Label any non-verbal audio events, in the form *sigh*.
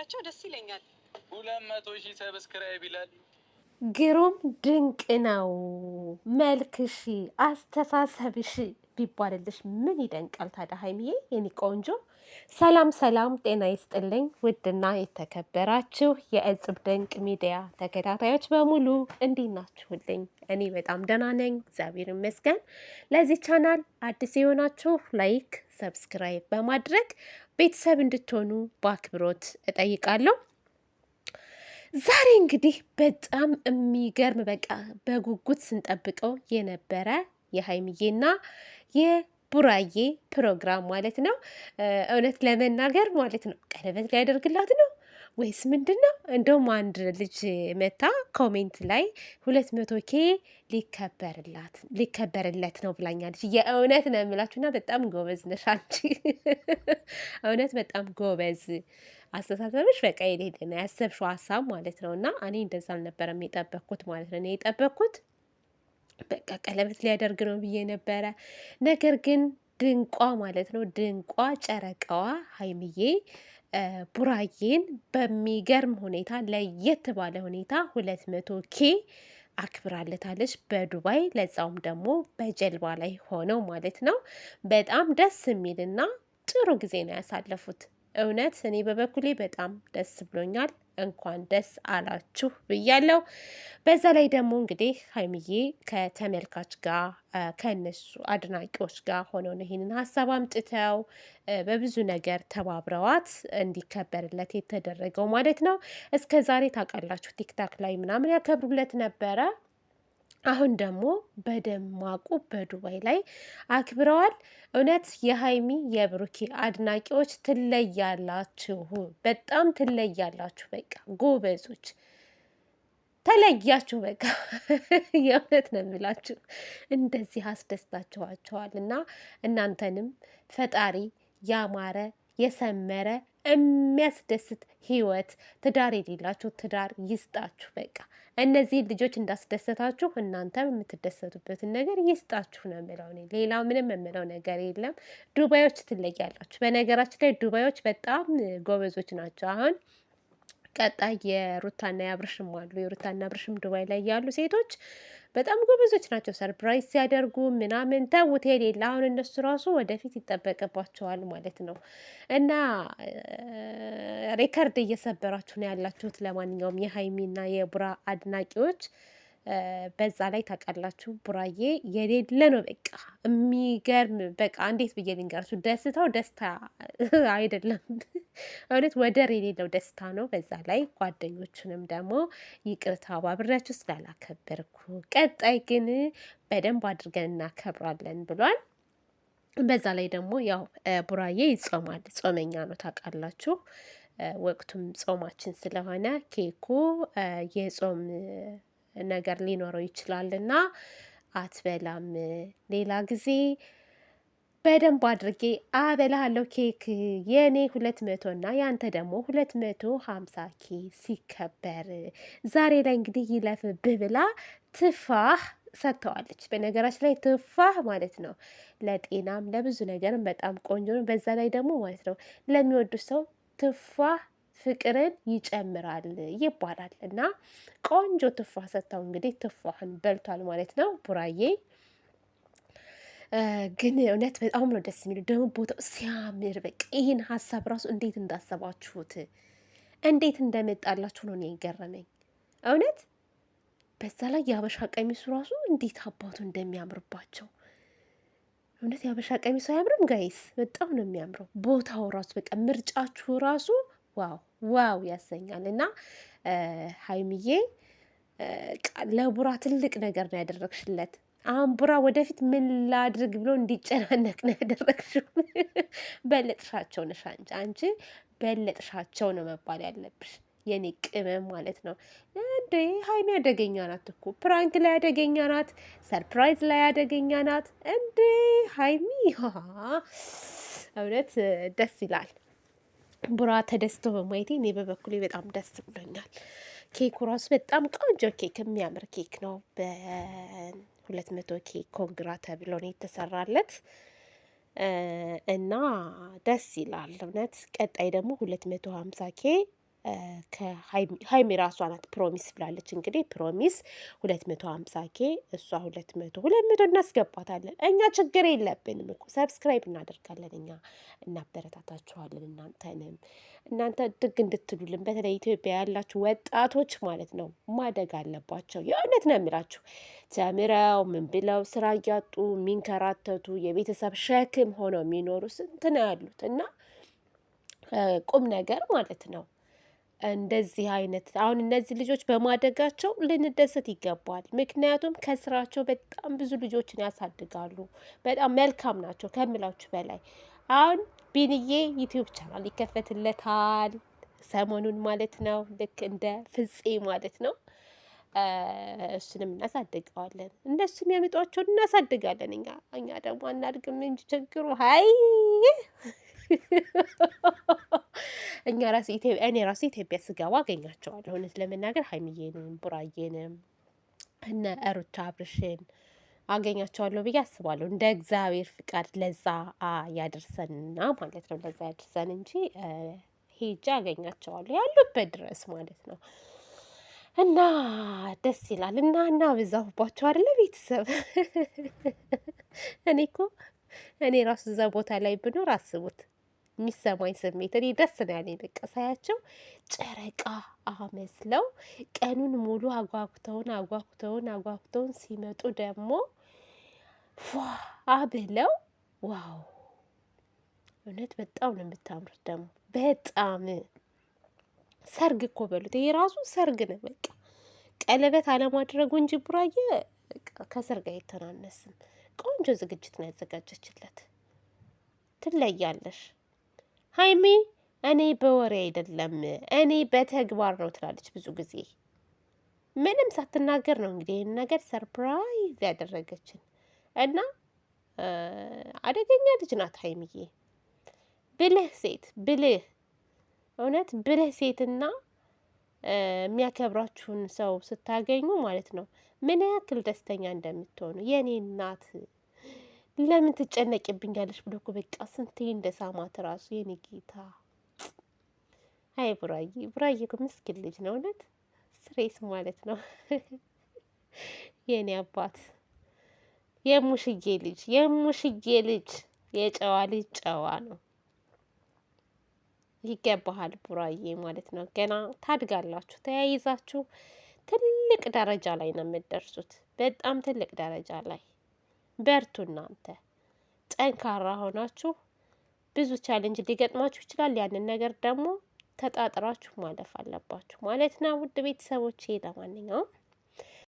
ያቸው ደስ ይለኛል። ሁለት መቶ ሺህ ሰብስክራይብ ይላል። ግሩም ድንቅ ነው። መልክሺ፣ አስተሳሰብሺ ቢባልልሽ ምን ይደንቃል ታዲያ ሀይሚዬ የኔ ቆንጆ። ሰላም ሰላም፣ ጤና ይስጥልኝ ውድና የተከበራችሁ የእጽብ ድንቅ ሚዲያ ተከታታዮች በሙሉ እንዴት ናችሁልኝ? እኔ በጣም ደህና ነኝ፣ እግዚአብሔር ይመስገን። ለዚህ ቻናል አዲስ የሆናችሁ ላይክ፣ ሰብስክራይብ በማድረግ ቤተሰብ እንድትሆኑ በአክብሮት እጠይቃለሁ። ዛሬ እንግዲህ በጣም የሚገርም በቃ በጉጉት ስንጠብቀው የነበረ የሀይሚዬና የቡራዬ ፕሮግራም ማለት ነው። እውነት ለመናገር ማለት ነው ቀለበት ሊያደርግላት ነው ወይስ ምንድን ነው? እንደውም አንድ ልጅ መታ ኮሜንት ላይ ሁለት መቶ ኬ ሊከበርላት ሊከበርለት ነው ብላኛለች። የእውነት ነው የምላችሁና በጣም ጎበዝ ነሽ አንቺ። *laughs* እውነት በጣም ጎበዝ አስተሳሰብሽ በቃ የሌለ ነው ያሰብሽው ሀሳብ ማለት ነው። እና እኔ እንደዛ አልነበረም የጠበኩት ማለት ነው እኔ የጠበኩት በቃ ቀለበት ሊያደርግ ነው ብዬ ነበረ። ነገር ግን ድንቋ ማለት ነው ድንቋ ጨረቃዋ ሀይምዬ ቡራዬን በሚገርም ሁኔታ ለየት ባለ ሁኔታ ሁለት መቶ ኬ አክብራለታለች በዱባይ ለዛውም ደግሞ በጀልባ ላይ ሆነው ማለት ነው። በጣም ደስ የሚልና ጥሩ ጊዜ ነው ያሳለፉት። እውነት እኔ በበኩሌ በጣም ደስ ብሎኛል። እንኳን ደስ አላችሁ ብያለው። በዛ ላይ ደግሞ እንግዲህ ሀይሚዬ ከተመልካች ጋር ከእነሱ አድናቂዎች ጋር ሆነውን ይህንን ሀሳብ አምጥተው በብዙ ነገር ተባብረዋት እንዲከበርለት የተደረገው ማለት ነው። እስከ ዛሬ ታውቃላችሁ ቲክታክ ላይ ምናምን ያከብሩለት ነበረ። አሁን ደግሞ በደማቁ በዱባይ ላይ አክብረዋል። እውነት የሀይሚ የብሩኬ አድናቂዎች ትለያላችሁ፣ በጣም ትለያላችሁ። በቃ ጎበዞች ተለያችሁ። በቃ *laughs* የእውነት ነው የምላችሁ፣ እንደዚህ አስደስታችኋቸዋል እና እናንተንም ፈጣሪ ያማረ የሰመረ የሚያስደስት ህይወት ትዳር የሌላችሁ ትዳር ይስጣችሁ። በቃ እነዚህ ልጆች እንዳስደሰታችሁ እናንተም የምትደሰቱበትን ነገር ይስጣችሁ ነው የምለው ሌላ ምንም የምለው ነገር የለም። ዱባዮች ትለያላችሁ። በነገራችን ላይ ዱባዮች በጣም ጎበዞች ናቸው አሁን ቀጣይ የሩታና ያብርሽም አሉ። የሩታና አብርሽም ዱባይ ላይ ያሉ ሴቶች በጣም ጎበዞች ናቸው። ሰርፕራይዝ ሲያደርጉ ምናምን ተውት የሌለ አሁን እነሱ ራሱ ወደፊት ይጠበቅባቸዋል ማለት ነው። እና ሬከርድ እየሰበራችሁ ነው ያላችሁት። ለማንኛውም የሀይሚና የቡራ አድናቂዎች በዛ ላይ ታውቃላችሁ ቡራዬ የሌለ ነው። በቃ የሚገርም በቃ እንዴት ብዬ ልንገራችሁ፣ ደስታው ደስታ *laughs* አይደለም፣ እውነት ወደር የሌለው ደስታ ነው። በዛ ላይ ጓደኞቹንም ደግሞ ይቅርታ ባብሬያችሁ ስላላከበርኩ፣ ቀጣይ ግን በደንብ አድርገን እናከብራለን ብሏል። በዛ ላይ ደግሞ ያው ቡራዬ ይጾማል፣ ጾመኛ ነው ታውቃላችሁ። ወቅቱም ጾማችን ስለሆነ ኬኩ የጾም ነገር ሊኖረው እና አትበላም። ሌላ ጊዜ በደንብ አድርጌ አበላሃለሁ ኬክ የእኔ ሁለት መቶ እና ያንተ ደግሞ ሁለት መቶ ሀምሳ ኬ ሲከበር ዛሬ ላይ እንግዲህ ይለፍ ብላ ትፋህ ሰጥተዋለች። በነገራችን ላይ ትፋህ ማለት ነው ለጤናም ለብዙ ነገርም በጣም ቆንጆ ነው። በዛ ላይ ደግሞ ማለት ነው ለሚወዱ ሰው ትፋህ ፍቅርን ይጨምራል ይባላል እና ቆንጆ ትፋህ ሰጥታው እንግዲህ ትፋህን በልቷል ማለት ነው ቡራዬ። ግን እውነት በጣም ነው ደስ የሚለው። ደግሞ ቦታው ሲያምር በቃ ይህን ሀሳብ ራሱ እንዴት እንዳሰባችሁት እንዴት እንደመጣላችሁ ነው እኔ የገረመኝ እውነት። በዛ ላይ የአበሻ ቀሚሱ ራሱ እንዴት አባቱ እንደሚያምርባቸው እውነት። የአበሻ ቀሚሱ አያምርም ጋይስ? በጣም ነው የሚያምረው። ቦታው ራሱ በቃ ምርጫችሁ ራሱ ዋው ዋው ያሰኛል። እና ሀይሚዬ ለቡራ ትልቅ ነገር ነው ያደረግሽለት። አሁን ቡራ ወደፊት ምን ላድርግ ብሎ እንዲጨናነቅ ነው ያደረግሽው። *laughs* በለጥሻቸው ነሽ አንቺ አንቺ በለጥሻቸው ነው መባል ያለብሽ የኔ ቅመም ማለት ነው። እንደ ሀይሚ አደገኛ ናት እኮ ፕራንክ ላይ አደገኛ ናት፣ ሰርፕራይዝ ላይ አደገኛ ናት። እንደ ሀይሚ *laughs* እውነት ደስ ይላል። ቡራ ተደስቶ በማየቴ እኔ በበኩሌ በጣም ደስ ብሎኛል። ኬኩ ራሱ በጣም ቆንጆ ኬክ፣ የሚያምር ኬክ ነው። በሁለት መቶ ኬክ ኮንግራ ተብሎ ነው የተሰራለት እና ደስ ይላል እውነት። ቀጣይ ደግሞ ሁለት መቶ ሀምሳ ኬ ከሀይሚ ራሷ ናት ፕሮሚስ ብላለች። እንግዲህ ፕሮሚስ ሁለት መቶ ሀምሳ ኬ እሷ ሁለት መቶ ሁለት መቶ እናስገባታለን። እኛ ችግር የለብንም እኮ ሰብስክራይብ እናደርጋለን። እኛ እናበረታታችኋለን። እናንተንም እናንተ ድግ እንድትሉልን በተለይ ኢትዮጵያ ያላችሁ ወጣቶች ማለት ነው ማደግ አለባቸው። የእውነት ነው የሚላችሁ ተምረው ምን ብለው ስራ እያጡ የሚንከራተቱ የቤተሰብ ሸክም ሆነው የሚኖሩ ስንት ነው ያሉት እና ቁም ነገር ማለት ነው እንደዚህ አይነት አሁን እነዚህ ልጆች በማደጋቸው ልንደሰት ይገባል። ምክንያቱም ከስራቸው በጣም ብዙ ልጆችን ያሳድጋሉ። በጣም መልካም ናቸው ከምላችሁ በላይ። አሁን ቢንዬ ዩቲዩብ ቻናል ይከፈትለታል ሰሞኑን ማለት ነው። ልክ እንደ ፍጼ ማለት ነው። እሱንም እናሳድገዋለን፣ እነሱም የሚያመጧቸውን እናሳድጋለን። እኛ እኛ ደግሞ አናድግም እንጂ ችግሩ ሀይ *laughs* እኛ ራስ እኔ ራሴ ኢትዮጵያ ስገባ አገኛቸዋለሁ። እውነት ለመናገር ሀይሚዬንም ቡራዬንም እነ ሩቻ አብርሽን አገኛቸዋለሁ ብዬ አስባለሁ። እንደ እግዚአብሔር ፍቃድ ለዛ ያደርሰንና ማለት ነው ለዛ ያደርሰን እንጂ ሄጃ አገኛቸዋለሁ ያሉበት ድረስ ማለት ነው። እና ደስ ይላል። እና እና ብዛሁባቸው አይደለ ቤተሰብ *laughs* እኔ እኮ እኔ ራሱ እዛ ቦታ ላይ ብኖር አስቡት። የሚሰማኝ ስሜት እኔ ደስ ነው ያለኝ። በቃ ሳያቸው ጨረቃ አመስለው ቀኑን ሙሉ አጓጉተውን አጓጉተውን አጓጉተውን ሲመጡ ደግሞ ፏ ብለው ዋው! እውነት በጣም ነው የምታምሩት። ደግሞ በጣም ሰርግ እኮ በሉት ይሄ ራሱ ሰርግ ነው። በቃ ቀለበት አለማድረጉ እንጂ ቡራዬ ከሰርግ አይተናነስም። ቆንጆ ዝግጅት ነው ያዘጋጀችለት። ትለያለሽ። ሀይሚ እኔ በወሬ አይደለም እኔ በተግባር ነው ትላለች። ብዙ ጊዜ ምንም ሳትናገር ነው እንግዲህ ይህን ነገር ሰርፕራይዝ ያደረገችን እና አደገኛ ልጅ ናት ሀይሚዬ። ብልህ ሴት ብልህ እውነት ብልህ ሴትና የሚያከብራችሁን ሰው ስታገኙ ማለት ነው ምን ያክል ደስተኛ እንደምትሆኑ የእኔ እናት ለምን ትጨነቂብኛለች ብሎ እኮ በቃ ስንቴ እንደ ሳማት ራሱ የኔ ጌታ። አይ ቡራዬ ቡራዬ እኮ ምስኪን ልጅ ነው እውነት ስሬስ ማለት ነው *laughs* የኔ አባት የሙሽዬ ልጅ የሙሽዬ ልጅ የጨዋ ልጅ ጨዋ ነው። ይገባሃል ቡራዬ ማለት ነው። ገና ታድጋላችሁ፣ ተያይዛችሁ ትልቅ ደረጃ ላይ ነው የምትደርሱት። በጣም ትልቅ ደረጃ ላይ በርቱ እናንተ ጠንካራ ሆናችሁ ብዙ ቻሌንጅ ሊገጥማችሁ ይችላል። ያንን ነገር ደግሞ ተጣጥራችሁ ማለፍ አለባችሁ ማለት ነው። ውድ ቤተሰቦቼ ለማንኛውም